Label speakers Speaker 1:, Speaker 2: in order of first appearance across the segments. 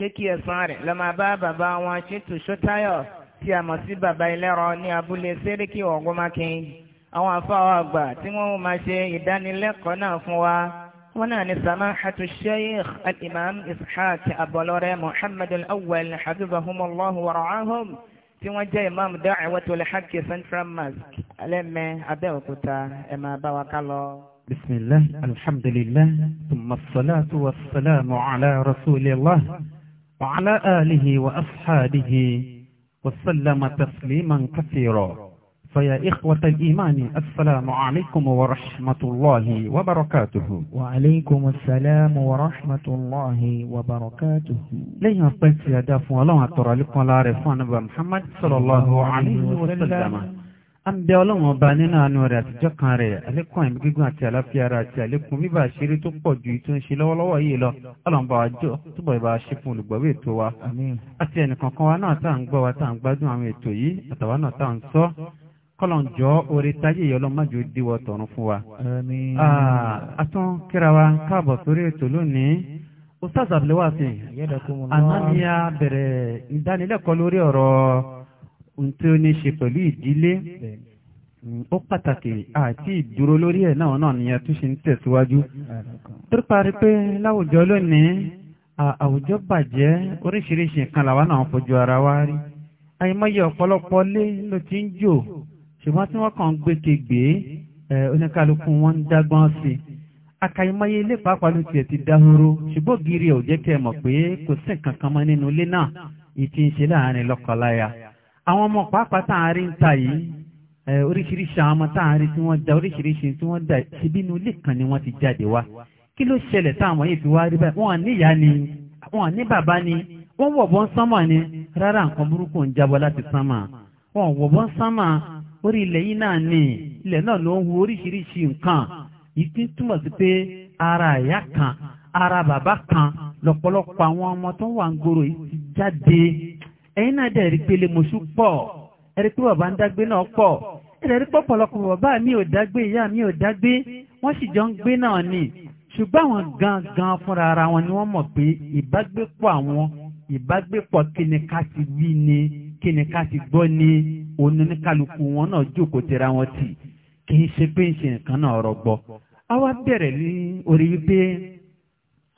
Speaker 1: pé kí ẹ̀sán rẹ̀ lọ máa bá bàbá wọn Ṣítù Ṣótáyọ̀ tí a mọ̀ sí bàbá ẹlẹ́rọ ní abúlé Séríkì Ọ̀gọ́mákin àwọn afáwọ̀ àgbà tí wọ́n máa ṣe ìdánilẹ́kọ̀ọ́ náà fún wa wọ́n náà ní samahatu sheikh al-imam ishaq abọlọ́rẹ́ muhammad al-awwal habibahumullahu wa ra'ahum tí wọ́n jẹ́ imam da'watul haqq central mosque alẹ́mẹ́ abẹ́òkúta ẹ̀ máa bá wa ká lọ. bisimilah alhamdulilah thumma salatu wa salamu ala rasulillah. وعلى آله وأصحابه وسلم تسليما كثيرا فيا إخوة الإيمان السلام عليكم ورحمة الله وبركاته وعليكم السلام ورحمة الله وبركاته لن طيب يستطيع دافع الله أترى لكم لا رفان محمد صلى الله عليه وسلم a ń bẹ ọlọ́run ọba nínú àánú rẹ̀ àtijọ́ kan rẹ̀ àlékún àìmí gígùn àti àlàáfíà ara àti àlékún bíbà àṣírí tó pọ̀ ju tó ń ṣe lọ́wọ́lọ́wọ́ yìí lọ ọlọ́run bá wa jọ túbọ̀ ìbá ṣe fún olùgbọ̀wé ètò wa àti ẹnìkankan wa náà tá à ń gbọ́ wa tá à ń gbádùn àwọn ètò yìí àtàwa náà tá à ń sọ kọlọ̀njọ́ orí táyé yọ lọ́mọ́jọ díwọ̀ tọ̀run fún wa. àtún kíra wa káàbọ̀ sórí ètò lónìí ustaz abdulwasi ananiya bẹ̀rẹ̀ ìdánilẹ́kọ̀ọ́ lórí ọ̀rọ̀ ohun tí ó ní ṣe pẹ̀lú ìdílé ó pàtàkì àti ìdúró lórí ẹ̀ náà náà nìyẹn tó ṣe ń tẹ̀síwájú. píparí pé láwùjọ lónìí àwùjọ bàjẹ́ oríṣiríṣi nǹkan làwa náà fojú ara wa rí àìmọye ọ̀pọ̀lọpọ̀ lé ló ti ń jò ṣùgbọ́n tí wọ́n kàn ń gbé kegbè oníkálukú wọn ń dágbọ́n sí i akàìmọye ilé pàápàá ló tiẹ̀ ti dahoro ṣùgbọ́n gírí ò jẹ́ kẹ́ mọ̀ pé kò sí nǹkan kan mọ́ nínú ilé náà ìtì àwọn ọmọ pàápàá táàrin ń ta yìí oríṣiríṣi àwọn ọmọ táàrin tí wọ́n da oríṣiríṣi tí wọ́n da síbí inú ilé kan ni wọ́n ti jáde wá kí ló ṣẹlẹ̀ táwọn yìí fi wá rí báyìí wọ́n níyà ni wọ́n ní bàbá ni wọ́n wọ̀bọ̀ ń sánmà ni rárá nǹkan burúkú ń jábọ́ láti sánmà wọ́n wọ̀bọ̀ ń sánmà orí ilẹ̀ yìí náà ni ilẹ̀ náà ló ń hu oríṣiríṣi nǹkan ìpín túmọ̀ sí pé ara ìyá kan ara bàbá kan lọ́pọ̀lọpọ̀ àwọn ọmọ tó wà ń gbòòrò yìí ti jáde ẹ̀yin náà dẹ̀ rí gbélé mọ̀ṣú pọ̀ ẹ̀rí pé bàbá ń dágbé náà pọ̀ ẹ̀rẹ̀ rí pọ̀pọ̀lọpọ̀ bàbá mi ò dágbé ìyá mi ò dágbé wọ́n sì jọ ń gbé náà ni ṣùgbọ́n àwọn gangan fúnra ara wọn ni wọ́n mọ̀ pé ìbágbépọ̀ àwọn ìbágbépọ̀ kíni ká ti wí ni kíni ká ti gbọ́ ni oníkálukú wọn náà jókòó tira wọn tì kì í ṣe pé ń ṣe nǹkan náà rọgbọ. a wá bẹ̀rẹ̀ ní orí wípé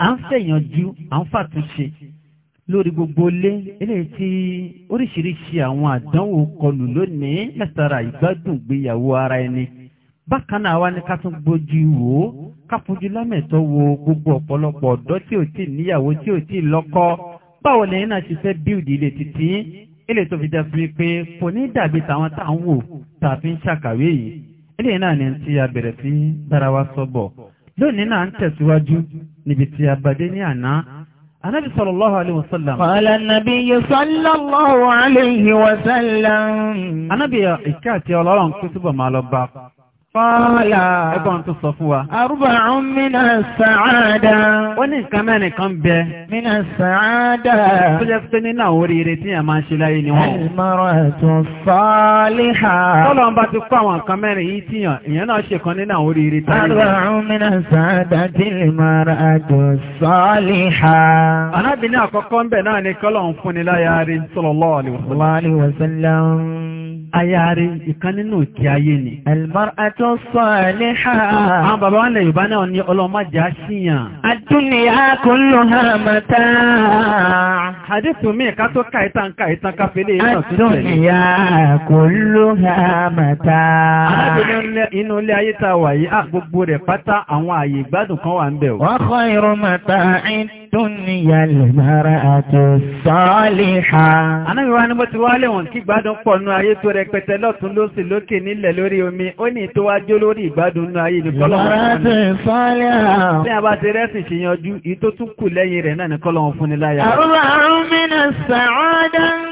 Speaker 1: à ń fẹ̀yànjú à ń fàtúnṣe lórí gbogbo ilé eléyìí tí oríṣiríṣi àwọn àdánwò kọlù lónìí látara ìgbádùn ìgbéyàwó ara ẹni bákan náà wá ní ká tún gbójú wò ó ká fojú lámẹ̀tọ́ wo gbogbo ọ̀pọ̀lọpọ̀ ọ̀dọ́ tí ò tí níyàwó tí ò tí lọ́kọ báwo lẹ́yìn náà ṣe fẹ́ bíùdì ilé títí ilé tó fi jẹ́ fún pé kò ní dàbí tàwọn tá à ń wò tá a fi ń ṣàkàwé yìí ilé náà ni tí a bẹ̀rẹ̀ sí wa sọ́bọ̀ lónìí náà ń tẹ̀síwájú níbi tí a ní àná Anábi sallallahu alaihi wasallam. Qala an-nabiyyu sallallahu alaihi wasallam. Anábi ìkẹ́ àti ọlọ́run kú túbọ̀ máa lọ bá Fọ́lá. Ẹgbọ́n tó sọ fún wa. Arba'un mínà sàádà. Ó ní nǹkan mẹ́rin kan bẹ. Mínà sàádà. Tó jẹ́ pé nínú àwọn oríire tí yàn máa ń ṣe láyé ni wọ́n. Al-mar'atu saliha. Tọ́lọ̀ ń bá ti kó àwọn nǹkan mẹ́rin yìí tí yàn, èèyàn náà ṣe kan nínú àwọn oríire tí yàn. Arba'un mínà sàádà tí al-mar'atu saliha. Arábìnrin sallallahu alaihi wasallam ayáre ìkan nínú ìkí ayé ni. Al-mar'atu s-salihah. Àwọn bàbá wọn lè Yorùbá náà ní ọlọ́mọdé aṣíyàn. Ad-dunya kulluha mata'. Hadithu mi ká tó ká ìtàn ká ìtàn ká fèlè náà tó tẹ̀lé. Ad-dunya kulluha mata'. Alábìnrin inú ilé ayé ta wà ah, gbogbo rẹ̀ pátá àwọn àyè ìgbádùn kan wà ń bẹ̀ o. Wa khayru mata'id dúnìyà lè mara àti sọ́ọ̀lìhà. Anábì wa ni mo ti wálé wọn kí gbádùn pọ̀ nú ayé tó rẹpẹtẹ lọ́tún lósì lókè nílẹ̀ lórí omi, ó ní tó wá jó lórí ìgbádùn nú ayé nìkan lọ́wọ́. fún ni láyà. Àrùn àrùn mi sàádán.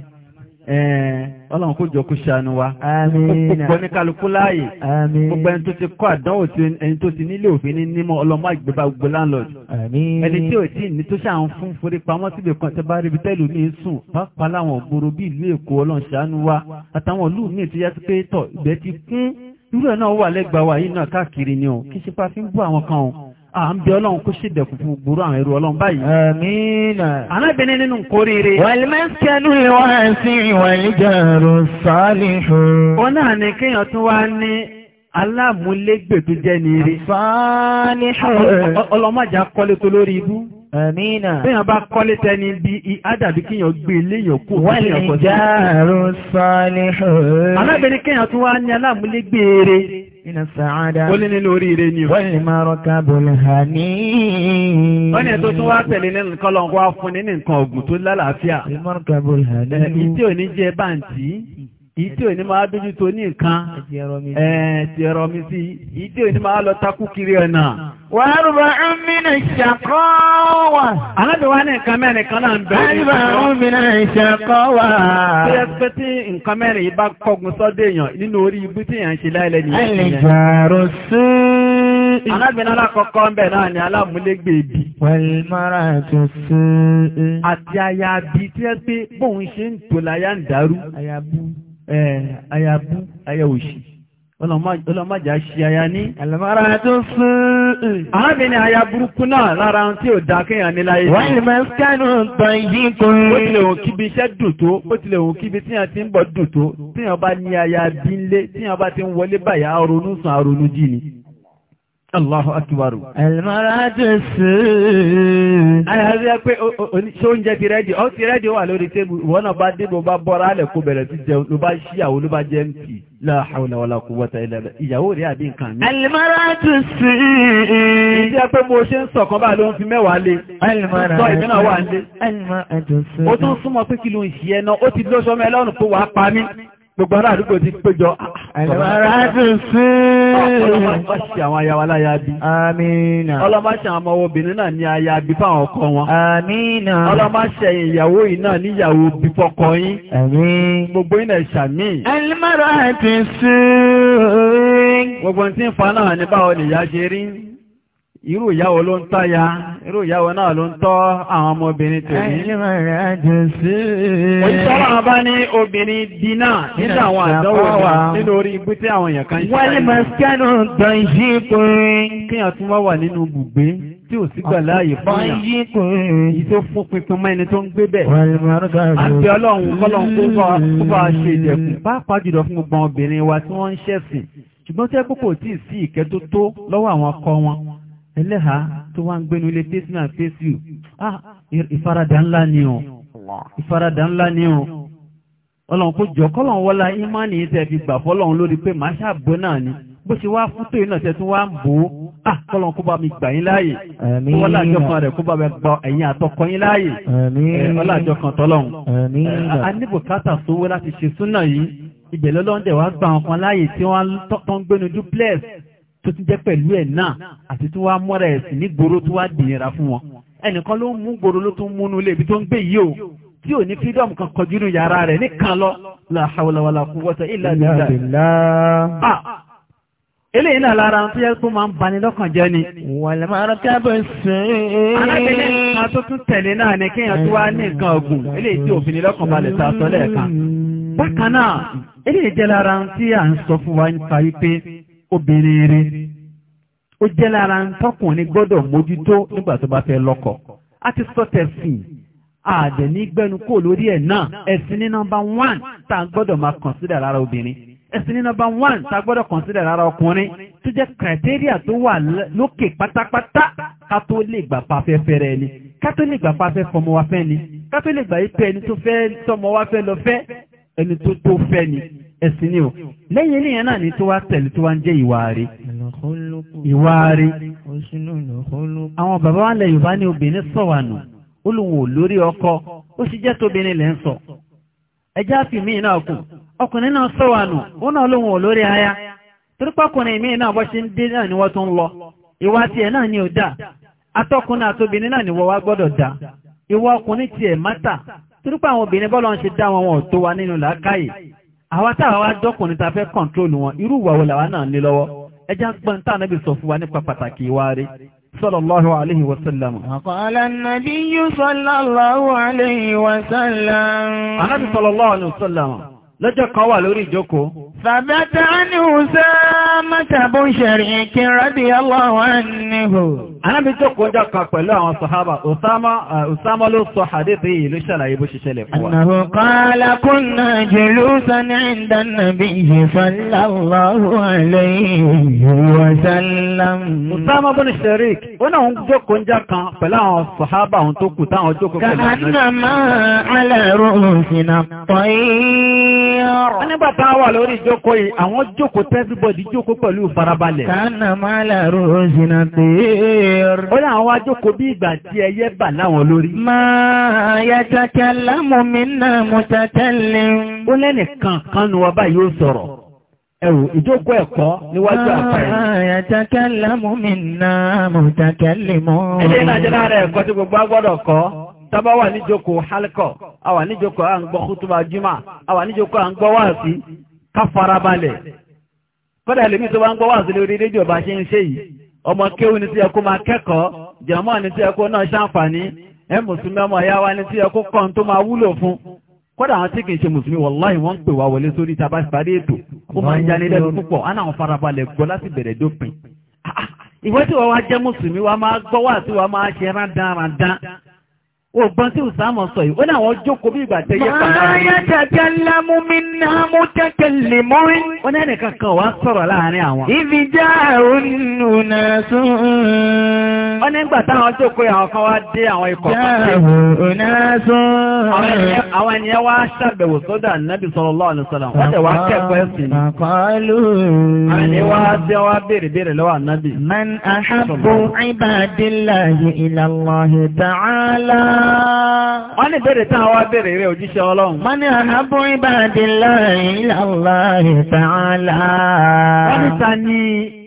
Speaker 1: Eh, ọlọ́run kó jọ kó ṣàánú wa gbogbo ní kálukú láàyè gbogbo ẹni tó ti kọ́ àdánwò tí ẹni tó ti nílé òfin ní nímọ̀ ọlọ́mọ àgbẹ̀bá gbogbo landlord ẹni tí ò tí ní tó ṣàwọn fún forí pamọ́ síbi kan tẹ́ bá rí bitẹ́lù ní sùn pàápàá láwọn ògbóró bí ìlú èkó ọlọ́run ṣàánú wa àtàwọn ìlú míì tó yẹ pé tọ̀ ìgbẹ́ ti kún irú ẹ̀ náà wà lẹ́gbàá wa yìí náà káàkiri ni o kí ṣe pa fi ń bú àwọn kan o à ń bí ọlọ́run kó ṣèdẹ̀kùn fún gbòòrò àwọn ẹrú ọlọ́run báyìí. àmìnà. anábìnrin nínú kórìíre. wàlmẹ́sẹ̀lú ìwọ̀n sí ìwàlíjàrò sálíhù. ó náà ní kéèyàn tún wá ní aláàmúlégbè tó jẹ́ ní rí. sálíhù. ọlọ́mọjà kọ́lé tó lórí ibú. Àmìnà. Béèyàn bá kọ́lé tẹni bí ádàbí kíyàn gbé léèyàn kú òkú kíyàn sálíhù. Iná sàádá. Ó ní nínú oríire ni o. Wọ́n lè máa rọ́ká bọ̀lù hà ní. Wọ́n ní ẹ̀ tó tún wá tẹ̀lé nínú kọ́lọ̀ wá fún ní nǹkan ọ̀gùn tó lálàáfíà. Lè máa bọ̀lù hà ní. Ìtí ò ní báǹtì. ìdí òní máa dójú tó ní nǹkan ti ẹ̀rọ mi sí ìdí òní máa lọ takú kiri ọ̀nà. wà ń mìíràn ṣàkọ́ wà. alábẹ̀ ní nǹkan mẹ́rin kan náà bẹ̀rẹ̀. rúbà ń mìíràn ṣàkọ́ wà. bí tí nǹkan mẹ́rin yìí bá kọ́gun èèyàn nínú orí ibú tí Eh, aya bú aya òṣì ọlọ́mọjà ṣe aya ní alàmàrà tó fún arábìnrin aya burúkú náà lára tí ò dá kéèyàn ní láyé wọ́n lè máa skánù tàn yí kan ó tilẹ̀ òun kíbi iṣẹ́ dùn ó tilẹ̀ òun kíbi tíyàn ti ń bọ̀ dùn tó tíyàn bá ní aya bí ń lé tíyàn bá ti ń wọlé báyà ronú sùn ni Allahu akibaru. Ẹ̀lmọ́ràtù sí. Ayàrí ẹ pé ṣé oúnjẹ ti rẹ́dì, ó ti rẹ́dì wà lórí tébù, wọ́n náà bá dìbò bá bọ́ra alẹ̀ kó bẹ̀rẹ̀ sí jẹun ló bá ṣíyàwó ló bá jẹ́ ń kì. La hawla wala quwwata illa billah. Ìyàwó rẹ̀ àbí nǹkan mi. Ẹ̀lmọ́ràtù sí. Ìdí ẹ pé mo ṣe ń sọ̀kan bá ló ń fi mẹ́wàá lé. Ẹ̀lmọ́ràtù sí. Ó tún súnmọ́ pé kí ló ń ṣe ẹ náà, ó ti lóṣọ́mọ́ ẹlọ́run kó gbogbo ará àdúgbò ti péjọ ẹ̀lẹ́wọ̀n ẹ̀sìn sí ọlọ́mọ ṣe àwọn ayawa láyàbí àmìnà ọlọ́mọ ṣe àwọn ọmọbìnrin náà ní ayàbí fáwọn ọkọ wọn àmìnà ọlọ́mọ ṣe ìyàwó yìí náà níyàwó bí fọkọ yín gbogbo iná ìṣàmì ẹ̀lẹ́mọ̀ràn ẹ̀sìn sí gbogbo tí ń fa náà ní báwọn ìyá ṣe rí irú ìyàwó ló ń táyà irú ìyàwó náà ló ń tọ́ àwọn ọmọbìnrin tó ní òṣìṣẹ́ àwọn bá ní obìnrin dínà nínú àwọn àdánwò nínú orí ibú tí àwọn èèyàn kan ṣe wọ́n lè máa skẹ́nù tàn yí kùnrin kí a tún wá nínú bùgbé tí ò sí gbàlá ààyè fún yàn yìí tó fún pinpin mọ́ ẹni tó ń gbé bẹ̀ ẹlẹ́ha tó wá ń gbénu ilé tẹ́sí náà tẹ́sí ò ah, ìfaradà ńlá ni ọ̀ ìfaradà ńlá ni ọ̀ ọlọ́run kó jọ kọ́lọ́run wọ́lá ìmánì tẹ́ fi gbà fọ́lọ́run lórí pé màá ṣàbọ̀ náà ni bó ṣe wá fún tóyìn náà tẹ́ tún wá ń bò ó à ah, kọ́lọ́run kó bá mi gbà yín láàyè wọ́lá àjọ kan rẹ̀ kó bá mi gbà ẹ̀yìn àtọkọ yín láàyè wọ́lá àjọ tọ́lọ́run a ní bùkátà sówó láti ṣe súnà yìí ìbẹ̀lọ́lọ́ndẹ̀ wá gbà wọn kan láàyè tí wọ́n ń gbénu duplex tó ti jẹ́ pẹ̀lú ẹ̀ náà àti tí wàá mọ́ra ẹ̀sìn ní gbòòrò tó wàá dìnyẹra fún wọn ẹnìkan ló ń mú gbòòrò ló tún múnú ilé ibi tó ń gbé yìí o tí ò ní freedom kan kọjú inú yàrá rẹ̀ nìkan lọ la hawla wala quwwata illa billah ah! eléyìí náà lára tó yẹ kó máa ń bani lọ́kàn jẹ́ ni. wàlẹ̀ máa rọ kábọ̀ sí i. alábẹ́lẹ́ kan tó tún tẹ̀lé náà ni kéèyàn tó wá ní nǹkan ọ̀gùn eléyìí tí òfin lọ́kàn balẹ̀ ta sọ lẹ́ẹ̀kan. bákan náà eléyìí jẹ́ lára tí à ń sọ fún wa nípa yí pé obìnrin rí ó jẹ́ lára ń tọkùnrin gbọ́dọ̀ mójútó nígbà tó bá fẹ́ lọ́kọ a ti sọ tẹ̀sìn àdẹ̀ ní gbẹnu kò lórí ẹ̀ náà ẹ̀sìn ní nọ́mbà one tá a gbọ́dọ̀ máa kọ̀nsídà lára obìnrin ẹ̀sìn ní nọ́mbà one tá a gbọ́dọ̀ kọ̀nsídà lára ọkùnrin tó jẹ́ kìrìtẹ́ríà tó wà lókè pátápátá ká tó lè gbà pa fẹ́fẹ́ rẹ ni ká tó lè gbà pa fẹ́ fọmọ wa fẹ́ ni ká tó lè gbà yí pé ẹni tó fẹ́ tọmọ wa fẹ́ lọ fẹ́ ẹni tó tó fẹ́ ni ẹ̀sìn ni o lẹ́yìn eléyàn náà ni tó wá tẹ̀lé tó wá ń jẹ́ ìwà rí ìwà rí àwọn bàbá wa lẹ Yorùbá ní obìnrin sọ̀wànù ọkọ ó sì jẹ́ tóbìnrin lẹ́ ń sọ fi míì náà kù ọkùnrin náà sọ̀wànù ó náà aya torípàkùnrin na náà bọ́ ṣe ń dé náà ni wọ́n tún lọ ìwà tiẹ̀ náà ni ò atọ́kùnrin náà ni wọ́n wá gbọ́dọ̀ ìwà ọkùnrin tiẹ̀ mátà obìnrin bọ́lọ́ ń ṣe dá àwọn táwọn wá jọ́kùnrin ta fẹ́ kọ̀ǹtrólù wọn irú ìwà wo làwọn náà ní lọ́wọ́ ẹjá gbọ́n tá ànábì sọ fún wa nípa pàtàkì ìwà rí sallallahu alayhi wa sallam. àkọọ́lá nàbí yóò sallallahu alayhi wa sallam. ànábì sallallahu alayhi wa sallam lọ́jọ́ kan wà lórí ìjókòó. sàbẹ́tà ni Usama mọ́tàbó ṣẹ̀rìn kí radiyallahu anhu. Anábi tó kọjá kan pẹ̀lú àwọn sọ̀hábà, Òsámá uh, ló sọ hadithi yìí ló ṣàlàyé bó ṣiṣẹ́lẹ̀ fún wa. Ànàbò kọ́lá kúnnà jùlú sani ìdá nàbí yìí sallallahu alayhi wa sallam. Òsámá bó ní Sherik, ó náà ń jó kọjá kan pẹ̀lú àwọn sọ̀hábà ohun tó kù táwọn jókòó pẹ̀lú àwọn. Kàánàmá tá wà lórí ìjókòó yìí, àwọn jókòó tẹ́síbọ̀dì jókòó pẹ̀lú farabalẹ̀. Kàánàmá alẹ́rú òsìnà pọ̀yìírọ̀ kẹfìr. ó láwọn wá jókòó bí ìgbà tí ẹyẹ bà láwọn lórí. máa yàtàkẹ́ lámùmí náà mo tàtẹ́lẹ̀. ó lẹ́nìkan kan nu ọba yóò sọ̀rọ̀ ẹ̀rù ìjókòó ẹ̀kọ́ níwájú àpẹẹrẹ. yàtàkẹ́ lámùmí náà mo tàtẹ́lẹ̀ mọ́. ẹ̀jẹ̀ náà jẹ́ lára ẹ̀kọ́ tí gbogbo agbọ́dọ̀ kọ́ tábá wà níjókòó hálkọ̀ àwà níjókòó à ń gbọ́ kútùbà jùmọ̀ àwà níjókòó tó bá ń gbọ́ wáàsí lórí rédíò bá ṣe ń ṣe yìí ọmọ kéwù ní tí ẹ kó máa kẹ́kọ̀ọ́ jẹ̀mọ́ ní tí ẹ kó náà ṣàǹfààní ẹ mùsùlùmí ọmọ ìyá wa ní tí ẹ kó kàn tó máa wúlò fún kódà àwọn tí kìí ṣe mùsùlùmí wọláhì wọ́n ń pè wá wọlé sórí tá a bá parí ètò ó máa ń jáde lẹ́nu púpọ̀ á náà farabalẹ̀ gbọ́ láti bẹ̀rẹ̀ dópin ah, ah, ìwé tí wọ́n wá jẹ́ mùsùlùmí wa máa gbọ́ wà tí wọ́n máa ṣe rán dán Ògbọ́n tí Ìsàmọ̀ sọ yìí, ó ní àwọn jókòó bí ìgbà tẹ́yẹ pàdánù. Máa yá tàjá lámú mi náà mú tẹ́kẹ̀ lè mọ́ rí. Ó ní ẹnìkan kan wá sọ̀rọ̀ láàárín àwọn. Ibi já òun nà sún. Ó ní ìgbà táwọn jókòó àwọn kan wá dé àwọn ikọ̀ pàṣẹ. Àwọn ènìyàn wá ṣàbẹ̀wò sọ́dọ̀ Nàbì sallallahu alaihi wasallam. Wọ́n tẹ̀ wá kẹ́kọ̀ọ́ ẹ̀sìn. Àkọ́lù. Àwọn ènìyàn wá dé wá béèrè béèrè lọ́wọ́ Nàbì. Man ahabbu ibadillahi ila Allah wọ́n ní bèèrè tán wá bèèrè rẹ̀ òjíṣẹ́ ọlọ́run wọ́n ní àhábù ibadillahi ilallahi ta'ala wọ́n ní ta ní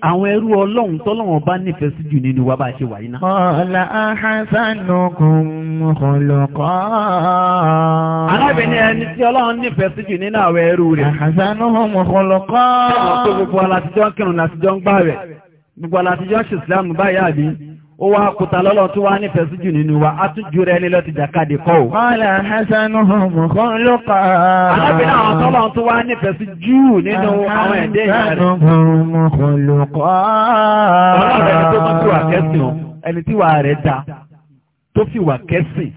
Speaker 1: àwọn ẹrú ọlọ́run tọ́lọ́run bá nífẹ̀ẹ́ sí jù nínú wa bá ṣe wà iná ọ̀la ahasanukum khuluqa arábìnrin ẹni tí àwọn
Speaker 2: ó wá kùtà lọ́lọ́ tó wá nífẹ̀ẹ́
Speaker 1: sí jù nínú wa á tún jù rẹ ní lọ́ti jàkadì kọ́ ò. ọ̀là hasanu mọ̀kàn ló tó wá nífẹ̀ẹ́ sí nínú àwọn ẹ̀dẹ́ ìyá rẹ̀. hasanu mọ̀kàn ló tó wà kẹ́sìn o ẹni tí wà rẹ̀ da tó fi wà kẹ́sìn.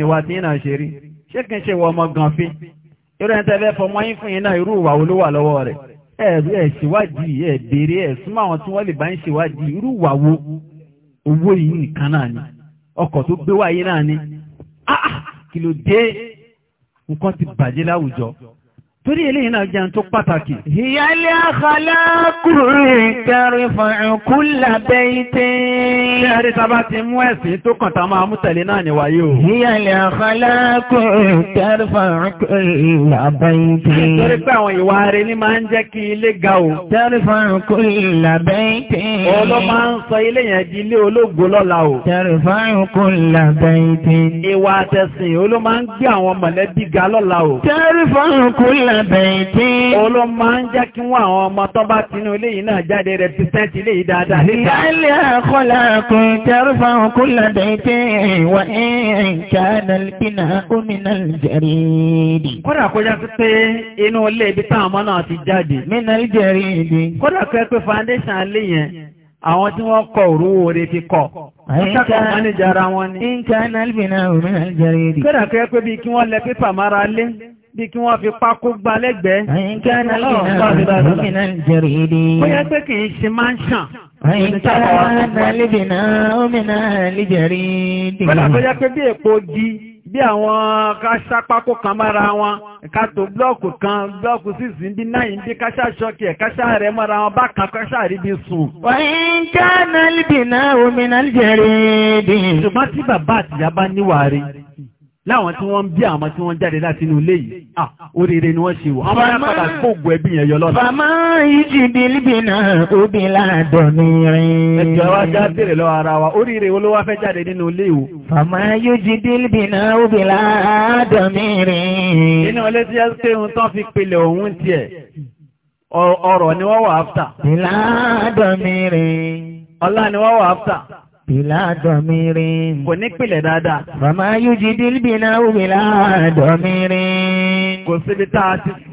Speaker 1: òun ni ànábì ṣé kìí ṣe wọ ọmọ gan fi irú ẹni tẹ́lẹ̀ fọmọ yín fún yín náà irú ìwà wo ló wà lọ́wọ́ rẹ̀ ẹ ẹ ṣèwádìí ẹ béèrè ẹ súnmọ́ àwọn tí wọ́n lè bá ń ṣèwádìí irú ìwà wo owó yìí nìkan náà ni ọkọ̀ tó gbé wáyé náà ni ah, ah kí ló dé nǹkan ti bàjẹ́ láwùjọ torí eléyìn náà jẹun tó pàtàkì. ìyálé àkàlákùnrin kẹrin fàánkú lábẹ́ ìtẹ́. ṣé ẹ̀rí ta bá ti mú ẹ̀sìn tó kàn tá máa mú tẹ̀lé náà níwáyé o. ìyálé àkàlákùnrin kẹrin fàánkú lábẹ́ ìtẹ́. torí pé àwọn ìwà rẹ̀ ní máa ń jẹ́ kí ilé ga o. kẹrin fàánkú lábẹ́ ìtẹ́. ọlọ́ máa ń sọ ilé o. kẹrin fàánkú lábẹ́ ìtẹ́. ìwà bẹ̀yìntì. Olú máa ń jẹ́ kí wọ́n àwọn ọmọ tó bá tinú ilé yìí náà jáde rẹ̀ ti sẹ́ǹtì ilé yìí dáadáa. Ìdálẹ́ àkọlà kò tẹ́rù fáwọn kó lọ bẹ̀yìntì wà ẹ̀ǹkà nàlùbínà gómìnà jẹ̀rìndì. Kódà kó jẹ́ pé inú ilé ibi táwọn ọmọ náà ti jáde. Mínà jẹ̀rìndì. Kódà kó pé foundation ilé yẹn àwọn tí wọ́n kọ òrùwò orí ti kọ̀. Ìkàkọ̀ máníjà ara wọn ni. Ìkànnà albina òmìnà jẹ̀rìndì. Kódà kó jẹ́ pé bí kí wọ́n lẹ pépà mára lé bí kí wọ́n fi pákó gbá lẹ́gbẹ̀ẹ́. Àyíkáná lọ́wọ́n jẹ́rì ìdí. Ó yẹ pé kì í ṣe máa ń ṣàn.
Speaker 2: Àyíkáná lébìnà
Speaker 1: ómìnà lìjẹ̀rì ìdí. Bọ́lá tó yẹ pé bí èpo di bí àwọn káṣá pákó kan mára wọn, ká tó blọ́ọ̀kù kan, blọ́ọ̀kù sísì ń bí náà ń bí káṣá ṣọ́kì ẹ̀ káṣá rẹ̀ mọ́ra wọn bá kan káṣá rí bí sùn. Àyíkáná lébìnà ómìnà lìjẹ̀rì ìdí. Ṣùgbọ́n tí bàbá àtìyá bá níwàá rí, láwọn tí wọ́n ń bí àwọn tí wọ́n jáde láti inú ilé yìí ah oríire ni wọ́n ṣe wò àwọn arápàdà fògbò ẹbí yẹn yọ lọ́nà. bàmá ìjì bílíbì náà obì ládọ̀ ní rìn. ẹjọ́ wa já bèrè lọ ara wa oríire olówó fẹ́ jáde nínú ilé o. bàmá ìjì bílíbì náà obì ládọ̀ ní rìn. inú ilé tí yẹn pé ohun tán fi pilẹ̀ òun tiẹ̀ ọ̀rọ̀ ni wọ́n wà áfta. ìládọ̀ ní rìn. ọlá ni wọ́n wà áfta. Bìlá dọ̀mírin. Kò ní pìlẹ̀ dáadáa. Bàmá Yújí Dílbìnà Òbìlá dọ̀mírin. Kò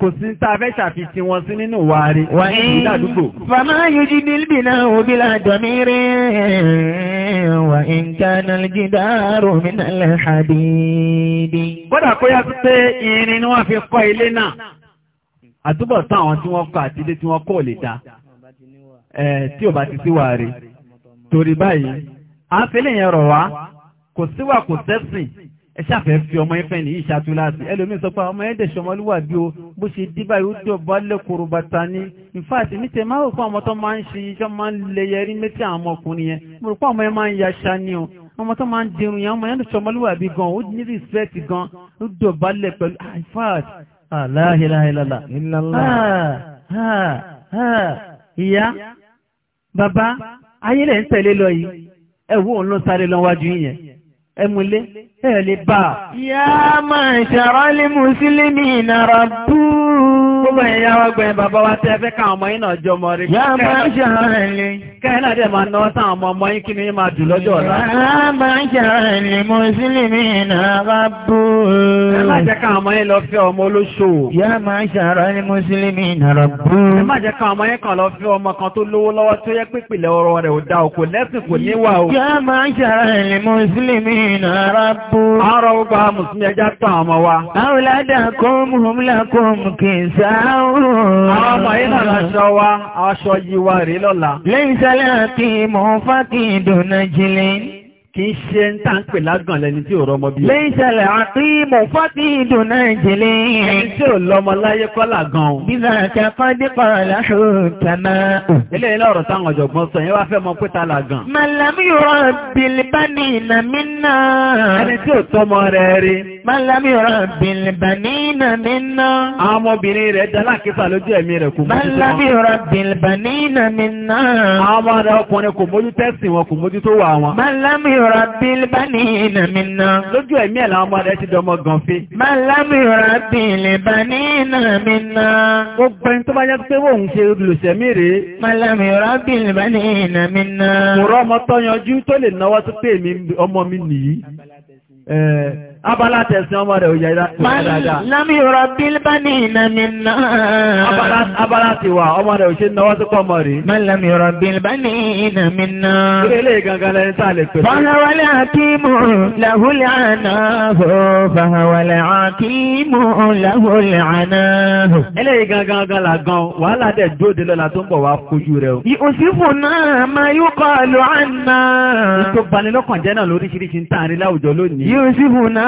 Speaker 1: síbi tá a fẹ́ ṣàfihàn wọn sí nínú wa rí. Wà ní ìdádúgbò. Bàmá Yújí Dílbìnà Òbìlá dọ̀mírin. Wà ń kánà jídáàrò mínàlẹ̀ hadidi. Bọ́dà kó yá pé irin ni wọ́n fi kọ́ ilé náà. Àtúbọ̀tán àwọn tí wọ́n kọ́ àti ilé tí wọ́n kọ́ lè dá. Tí Torí báyìí. A ń fẹ́lẹ̀ yẹn rọ̀ wá kò síwà kò sẹ́sìn ẹ ṣàfẹ́ fi ọmọ ẹfẹ́ nìyí ṣàtú láti ẹlòmíín sọ pé ọmọ ẹ̀dẹ̀ ṣọmọlúwàbí o bó ṣe dí báyìí ó dọ̀ bá lẹ́kọ̀ọ́ bàtà ni in fact ní tẹ̀ máa rò pé ọmọ tó máa ń ṣe iṣẹ́ máa ń lè yẹrí mẹ́tí àwọn ọmọkùnrin o ọmọ tó máa ń dirun yẹn ọmọ ẹ̀dẹ̀ ṣọmọlúwàbí gan ó ní respect gan ó dọ̀ ah, ah, ah, ìyá bàbá ayé lẹ̀ ń tẹ̀lé lọ yìí ẹ̀wọ́ òun ló sáré lọ́wájú yẹn ẹmúlé ẹ̀ẹ́lẹ́ yá máa ṣàrọ́lé mùsùlùmí náà rà búù. Gbogbo ẹ̀yà wa gbẹ̀yìn bàbá wa tẹ́ fẹ́ káwọn ọmọ yín náà jọ mọ́ rí. Yá máa ń ṣàrẹ̀ lè. Kẹ́yìn náà dẹ̀ máa ń náwó táwọn ọmọ ọmọ yín kí ni yín máa dùn lọ́jọ́ ọ̀la. Yá máa ń ṣàrẹ̀ lè mùsùlùmí náà bá bú. Ẹ má jẹ́ káwọn ọmọ yín lọ fẹ́ ọmọ olóṣò. Yá máa ń ṣàrẹ̀ lè mùsùlùmí náà bú. Ẹ má jẹ́ káwọn ọmọ yín kan lọ fẹ́ ọmọ kan tó lówó lọ́wọ́ tó yẹ pé ìpìlẹ̀ ọ̀rọ̀ rẹ̀ ò da òkò lẹ́sìn kò níwà o. Yá máa ń ṣàrẹ̀ lè mùsùlùmí náà bú. Àárọ̀ gbogbo àwọn mùsùlùmí ẹja tán àwọn ọmọ wa. Àwọn dáhùn. Àwọn ọmọ yìí náà aṣọ wa, aṣọ yìí wa lọ́la. Lẹ́yìn sálẹ̀ àti mọ̀ fákì ìdùnnà jìnlẹ̀ kì í ṣe ń tà ń pè lágàn lẹni tí ò rọmọ bí. lẹ́yìn ìṣẹ̀lẹ̀ àti mọ̀fọ́tì ìdùnnà ìjìnlẹ̀. ẹni tí ò lọmọ láyé kọ́là gan. bíbá àkẹ́kọ̀ọ́ dípọ̀ láṣù tàmá. eléyìí lọ́rọ̀ táwọn ọ̀jọ̀gbọ́n sọ yẹn wá fẹ́ mọ pé ta là gan. màlámù yọrọ bìlìbánì nàmí náà. ẹni tí ò tọmọ rẹ rí. màlámù yọrọ bìlìbánì nàmí náà. àwọn ọmọbìnrin rẹ̀ dá lákìsà lójú ẹ̀mí rẹ̀ kò mójú wà wọn. màlámù yọrọ lámìíràn bílbá ní ìnàmìnà. Lójú ẹ̀mí ẹ̀ làwọn ọmọ rẹ̀ ti dọmọ gan fi. Má lámìíràn bílbá ní ìnàmìnà. Gbogbo ẹni tó bá yẹ pé wọ́n ṣe lùsẹ̀mí rèé. Má lámìíràn bílbá ní ìnàmìnà. Kò rọ́ ọmọ tọ́yanjú tó lè náwó tó pè mí ọmọ mi nìyí. Abala tẹ̀sìn ọmọ rẹ̀ òyà dáadáa. Lámì rọ̀ bílbá ní ìnàmì náà. Abala ti wà ọmọ rẹ̀ òṣè náwọ́ tó pọ̀ mọ̀ rí. Lámì rọ̀ bílbá ní ìnàmì náà. Ilé gangan lẹ́yìn sáà lè pèsè. Fọ́nàwálẹ̀ àkímù làhúlẹ̀ àná. Fọ́nàwálẹ̀ àkímù làhúlẹ̀ àná. Ilé gangan gan làgan wàhálà dẹ̀ dóde lọ́la àná.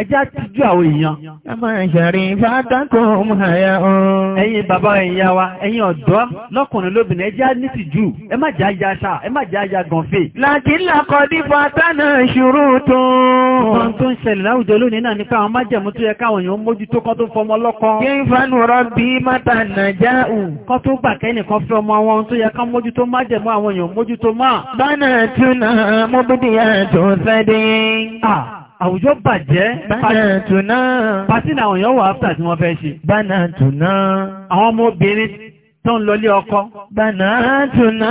Speaker 1: ẹjá ti jú àwọn èèyàn. ẹ máa ń ṣàrí fàákàkọ́ ọmọ àyà ọ̀run. ẹ̀yin bàbá ìyá wa ẹ̀yin ọ̀dọ́ lọ́kùnrin lóbìnrin ẹjá ní ti jù ẹ má jà ya ṣá ẹ má jà ya gànfẹ́. láti lakọ dípò àtànà ìṣòro tó. ọ̀sán tó ń ṣẹlẹ̀ láwùjọ lónìí náà nípa àwọn májẹ̀mú tó yẹ káwọn èèyàn mójútó kọ́ tó fọmọ lọ́kọ. kí n fanu rọbì mọ́tà nàjà ù. kọ́ tó gbà kẹ́nìkan àwùjọ bàjẹ́ bánàtùná pàtínà àwọn èèyàn wà áfíà tí wọ́n fẹ́ ṣe bánàtùná àwọn ọmọbìnrin tó ń lọlé ọkọ bánàtùná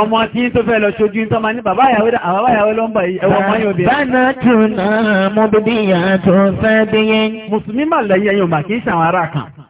Speaker 1: ọmọ tí tó fẹ́ lọ ṣojú tó máa ní bàbá àyàwó ló ń bọ̀ ẹwọ ọmọ yóò bẹ̀rẹ̀ bánàtùná mọ́bíbíyà tó fẹ́ bí yẹn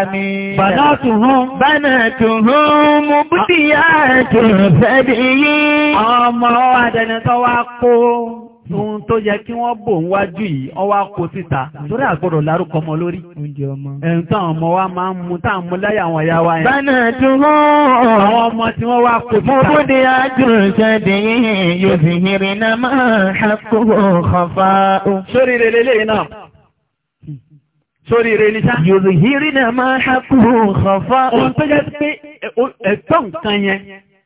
Speaker 1: آمين بناتهم بناتهم مبديات فديين أما وعدنا توقف ohun tó yẹ kí wọ́n bò ń wájú yìí ọwá kó síta torí àgbọ̀rọ̀ lárúkọ ọmọ lórí. ẹ̀hún táwọn ọmọ wa máa ń mu táwọn mú láyé àwọn ìyá wa yẹn. bẹ́ẹ̀ni dúró. àwọn ọmọ tí wọ́n wá kó síta. mo bóde àjùrò jáde yìí yóò fi hìrìnà máa ṣàkóso kọfà. sórí rere lẹ́yìn náà sórí ire ní sá. yóò hírí náà máa ṣàkóso ọ̀fà. òun tó jẹ́ pé e, ẹ̀tọ́ nǹkan yẹn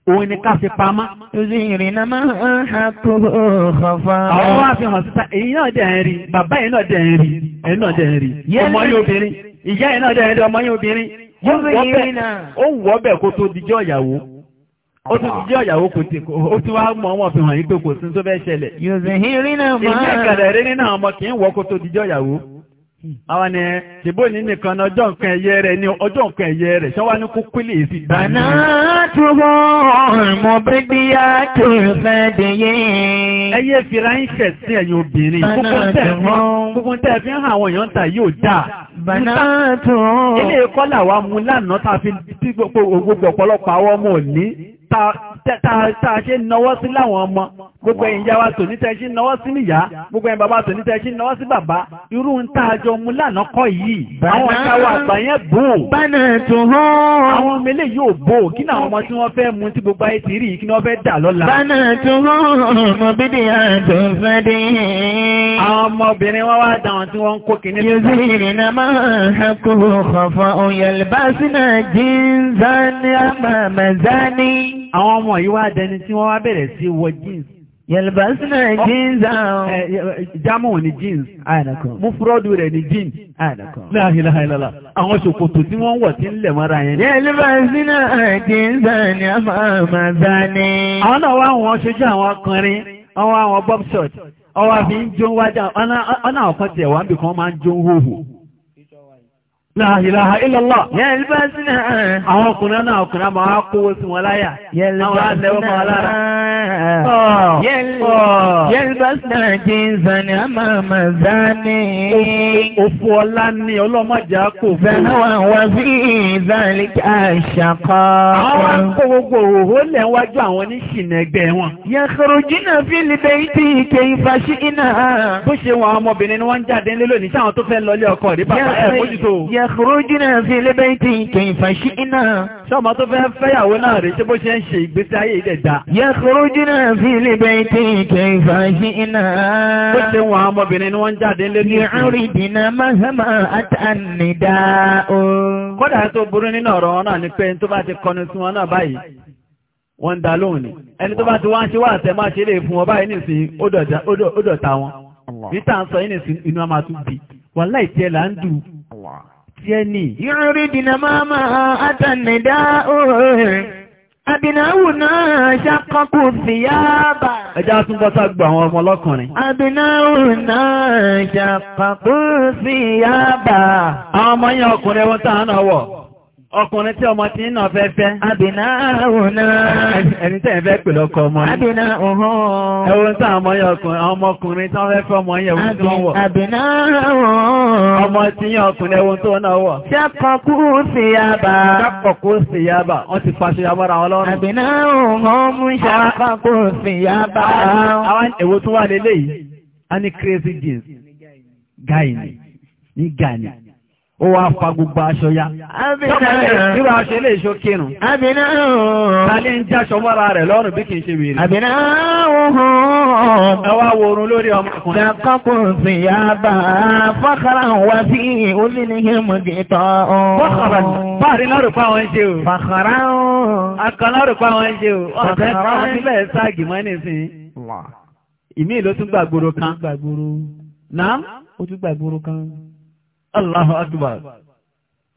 Speaker 1: òun ni ká fi pamá. Tùsí ìrìnà máa ń ha tó ọ̀fà. Àwọn wá fi hàn síta, èyí náà dẹ̀ ń rí, bàbá yìí náà dẹ̀ ń rí, èyí náà dẹ̀ ń rí, ọmọ yìí obìnrin, ìyá yìí náà dẹ̀ ń rí, ọmọ yìí obìnrin. Ó wọ́ bẹ̀ kó tó dijọ́ ìyàwó. Ó tún dijọ́ ìyàwó kò tí ó ti wá mọ̀ wọ́n fi hàn yí pé kò sí tó fẹ́ ṣẹlẹ̀. Yòzìhírí náà máa. Ìyá ìkàlẹ̀ rí nínú àwọn ọmọ kì í wọ́ kó tó dijọ́ ìyàwó. àwọn ni tìbó ní nìkan ọjọ́ nǹkan ẹyẹ rẹ̀ ní ọjọ́ nǹkan ẹyẹ rẹ̀ ṣọ́wá ní kó pílẹ̀ sí tó fẹ́ dé yé. ẹyẹ fira ń ṣẹ̀ sí obìnrin gbogbo tẹ̀ fi hàn àwọn èèyàn ta yóò dáa. ilé wa mú lánàá tá a fi gbogbo ọ̀pọ̀lọpọ̀ àwọn ọmọ òní tààṣe náwọ́ sí láwọn ọmọ gbogbo ẹ̀yin yáwá tò ní tẹ́ṣí náwọ́ sí níyà gbogbo ẹ̀yin bàbá tò ní tẹ́ṣí náwọ́ sí bàbá irú ń tààjọ mú lànà kọ́ yìí àwọn ìyàwó àgbà yẹn bò bánà tó hàn àwọn ọmọ ilé yóò bò kí ni ọmọ tí wọ́n fẹ́ mú tí gbogbo ayé ti rí kí wọ́n fẹ́ dà lọ́la. bánà tó hàn ọmọ bídì àwọn ọmọ yìí wá dẹni tí wọ́n wá bẹ̀rẹ̀ sí wọ jeans. yẹlbàsínà jeans àwọn. jámù ni jeans. àyànàkọ. mufurọ́dù rẹ̀ ni jeans. àyànàkọ. láàhìlá àìlàlà àwọn ṣòkòtò tí wọ́n wọ̀ tí ń lẹ̀ mọ́ra yẹn. jeans àní àmàmà dání. àwọn náà wá wọn ṣojú àwọn ọkùnrin wọn wá bob short ọwọ́ àfi ń jó wájà ọ̀nà kan máa ń jó
Speaker 2: La ilaha illallah. Yẹ̀lbẹ́sìnà. Àwọn ọkùnrin náà ọkùnrin máa
Speaker 1: kówó sí wọn láyà. Yẹ̀lbẹ́sìnà jí zàní àmàmà zàní. Òfò ọlá ni ọlọ́mọjà kò fún. Zànáwà wà sí ìzàlíkà àṣàkọ́. Àwọn akó gbogbo òhó lẹ̀ wájú àwọn oníṣìnà ẹgbẹ́ wọn. Yẹ̀kọ̀rọ̀ jìnnà fi libẹ̀ ìdí ìkẹ́ ìfàṣí iná. Bó ṣe wọn ọmọbìnrin ni wọ́n ń jáde nílò ní sáwọn tó fẹ́ lọlé ọkọ rí yakhrujna fi libayti kayfa shi'na. Ṣọ́mọ tó fẹ́ fẹ́yàwó náà rèé ṣé bó ṣe ń ṣe ìgbésí ayé ilẹ̀ dá. Yakhrujna fi libayti kayfa shi'na. Bó ṣe wọn ọmọbìnrin ni wọ́n ń jáde lé ní ìsìn. Yu'ridna mahma at'an-nida'u. Kódà tó burú nínú ọ̀rọ̀ wọn náà ni pé tó bá ti kọnu sí wọn náà báyìí wọ́n ń lóhùn ni. Ẹni tó bá tiẹ̀ là ń dùn. Kristiẹni. Yorùbá dìnnà máa máa àtànẹ̀dá òòrùn. Àbìnáwù náà ṣàkọ́kù fìyàbà. Ẹjá tún bọ́ta gbà àwọn ọmọ ọlọ́kùnrin. Àbìnáwù náà ṣàkọ́kù fìyàbà. Àwọn ọmọ yẹn ọkùnrin wọn táà náà wọ̀. ọkùnrin tí ọmọ ti ń nà fẹ́ fẹ́. Àbìnà òhun. Ẹni tẹ́ ẹ fẹ́ pè lọ́kọ ọmọ yìí. Àbìnà òhun. Ẹ wo sá ọmọ yẹn ọkùnrin ọmọkùnrin tí wọ́n fẹ́ fẹ́ ọmọ yẹn wo tí wọ́n wọ̀. Àbìnà òhun. Ọmọ ti yẹn ọkùnrin ẹ̀wọ̀n tó náà wọ̀. Ṣàkọ̀kú sí yaba. Ṣàkọ̀kú sí yaba. Wọ́n ti fa aṣọyàwó ara wọn lọ́rùn. Àbìnà òhun mú ṣàkọ̀kú sí yaba. Àwọn èwo tún wà lélẹ́yìí. A ní crazy jeans. Gáì ni. Ní Gáì ni ó wá fa gbogbo aṣọ ya. Nígbà aṣọ ilé ìṣó kírun. Àbínà ooo. Tàlí ń jáṣọ mọ́ra rẹ̀ lọ́rùn bí kìí ṣe wèrè. Àbínà ooo. Ẹ wá worun lórí ọmọkùnrin. Ṣàkọ́kọ́ sí yaba fọ́kàrà wá sí olílẹ̀ mọ̀gẹ́tọ̀. Fọ́kàrà fáàrí lọ́rùn pa wọn ṣe o. kan níbẹ̀ ságì Ó tún gbàgbòrò kan. Allahu Akbar.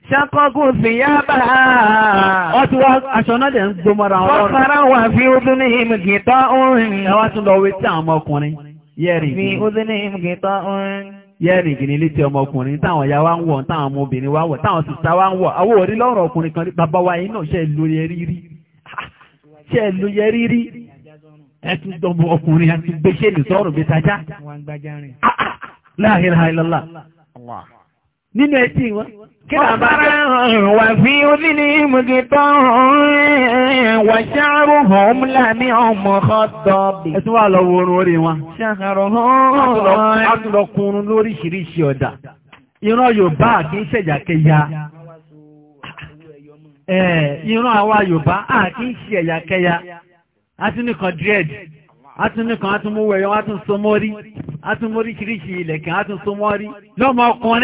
Speaker 1: Ṣakọ́kù sí yá bá a. Wọ́n ti wá aṣọ náà dẹ̀ ń gbómọ́ra fara wà fi ọdún ní ìmùgìtọ́ orin Ẹ wá tún lọ wé tí àwọn ọmọkùnrin. ní kìíní ọmọkùnrin táwọn ń wọ̀, táwọn ọmọbìnrin wọ̀, táwọn ń wọ̀. Àwọn òrí lọ́rọ̀ ọkùnrin kan bàbá wa yìí
Speaker 2: náà
Speaker 1: nínú ẹtí wọn. Ọ̀fẹ́ràn wà fi onílé mùgìtọ́ wà ṣáàrù hàn ọmọ ọ̀tọ̀ bì. Ẹ tún wà lọ orí wọn. Ṣáàrù hàn. A tún lọ ọ̀dà. Yorùbá iran àwa A tún nìkan dírẹ́dì. A tún nìkan a tún mú wẹ̀yọ́, a tún so mọ́rí. A tún a tún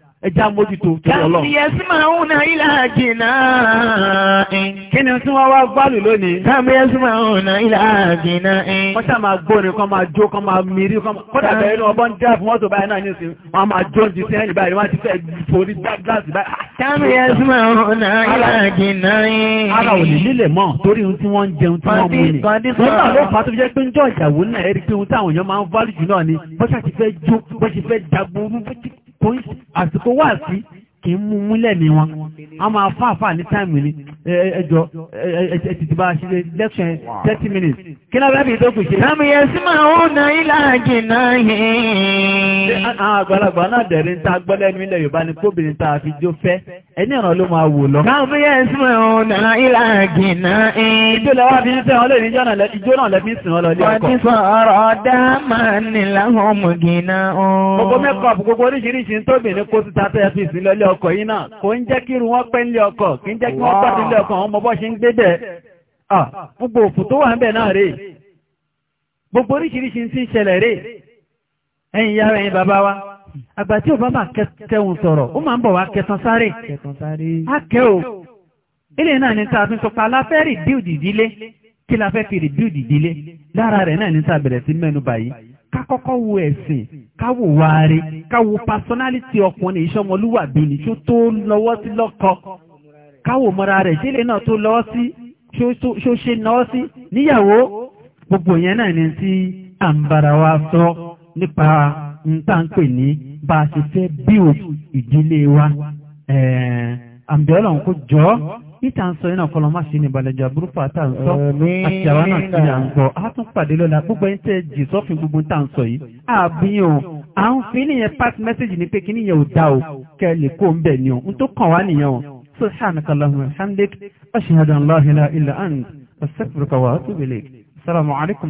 Speaker 1: ẹjá mójútó torí ọlọ́run. kàmì yẹsí máa ń na ilá jìnnà. kí ni tí wọ́n wá gbálù lónìí. kàmì yẹsí máa ń na ilá jìnnà. wọ́n ṣáà máa gbóni kọ́ máa jó kọ́ máa mìírí kọ́ máa. kódà bẹ̀rẹ̀ ni ọbọ̀ ń dẹ́ fún mọ́tò báyìí náà nísìnyí wọ́n máa jó ju sí ẹ̀yìn báyìí wọ́n ti fẹ́ forí gíláàsì báyìí. kàmì yẹsí máa ń na ilá jìnnà. ara ò ní nílẹ̀ mọ́ torí ohun tí wọ́n ń jẹun tí wọ́n mú àsìkò wà kì í mú múlẹ̀ ní wọn a máa fáfà ní táìmù ní ẹjọ́ ẹ̀tìtìbá ṣe lẹ́kṣọ̀n 30 minutes kí náà bẹ́ẹ̀ bí tó kù ṣe. láàmì yẹn sí máa ń na ilá àjìnà yìí. àwọn àgbàlagbà náà dẹ̀rin tá a gbọ́ lẹ́nu ilẹ̀ Yorùbá ni kóbìnrin tá a fi jó fẹ́ ẹni ọ̀ràn ló máa wò lọ. láàmì yẹn sí máa ń na ilá àjìnà yìí. ìjó lọ wá ìjọ ọkọ yìí náà kò ń jẹ́ kí irun wọn pẹ́ nílé ọkọ kì ń jẹ́ kí wọ́n pàdé nílé ọkọ àwọn ọmọ bọ́ ṣe ń gbé bẹ́ẹ̀ gbogbo òfò tó wà ń bẹ̀ náà rè gbogbo oríṣiríṣi ti ń ṣẹlẹ̀ rè ẹ̀yin yára ẹ̀yin bàbá wa àgbà tí ò bá máa kẹtẹ̀hùn sọ̀rọ̀ ó máa ń bọ̀ wá kẹtàn sáré á o ilé náà ní sáà fi sọ pé aláfẹ́ rìbíù dìdílé kí la fẹ́ fi rìbíù dìdílé lára rẹ̀ náà ní sáà bẹ̀rẹ̀ sí mẹ́nu báyìí ká wo ẹ̀sìn káwò wáre káwò pásọ́nálítì ọkùnrin ìṣọmọlúwàbí ni tó tó lọ́wọ́ sí lọ́kọ káwò mọ́ra rẹ̀ sílé náà tó lọ́wọ́ sí ṣó ṣe náwọ́ sí níyàwó gbogbo yẹn náà ni tí à ń bára wa sọ nípa ń tà ń pè ní bá a ṣe fẹ́ bí ìdílé wa àǹbẹ̀ọ́lọ̀ ń kó jọ́ ìta ń sọ iná kọlọmá sí ní balẹ̀jà burúkú àtàǹsọ́ àti àwọn náà sí à ń gbọ́ a tún pàdé lọ́la gbogbo ẹ̀ ń tẹ́ jì sọ́fin gbogbo tá ń sọ yìí àbíyàn o ń fi níyẹn pass message ni pé kí níyẹn ò dá o kẹ́ kó ń bẹ̀ ni o tó kàn wá nìyẹn o subhanaka wa atubu ilayk السلام عليكم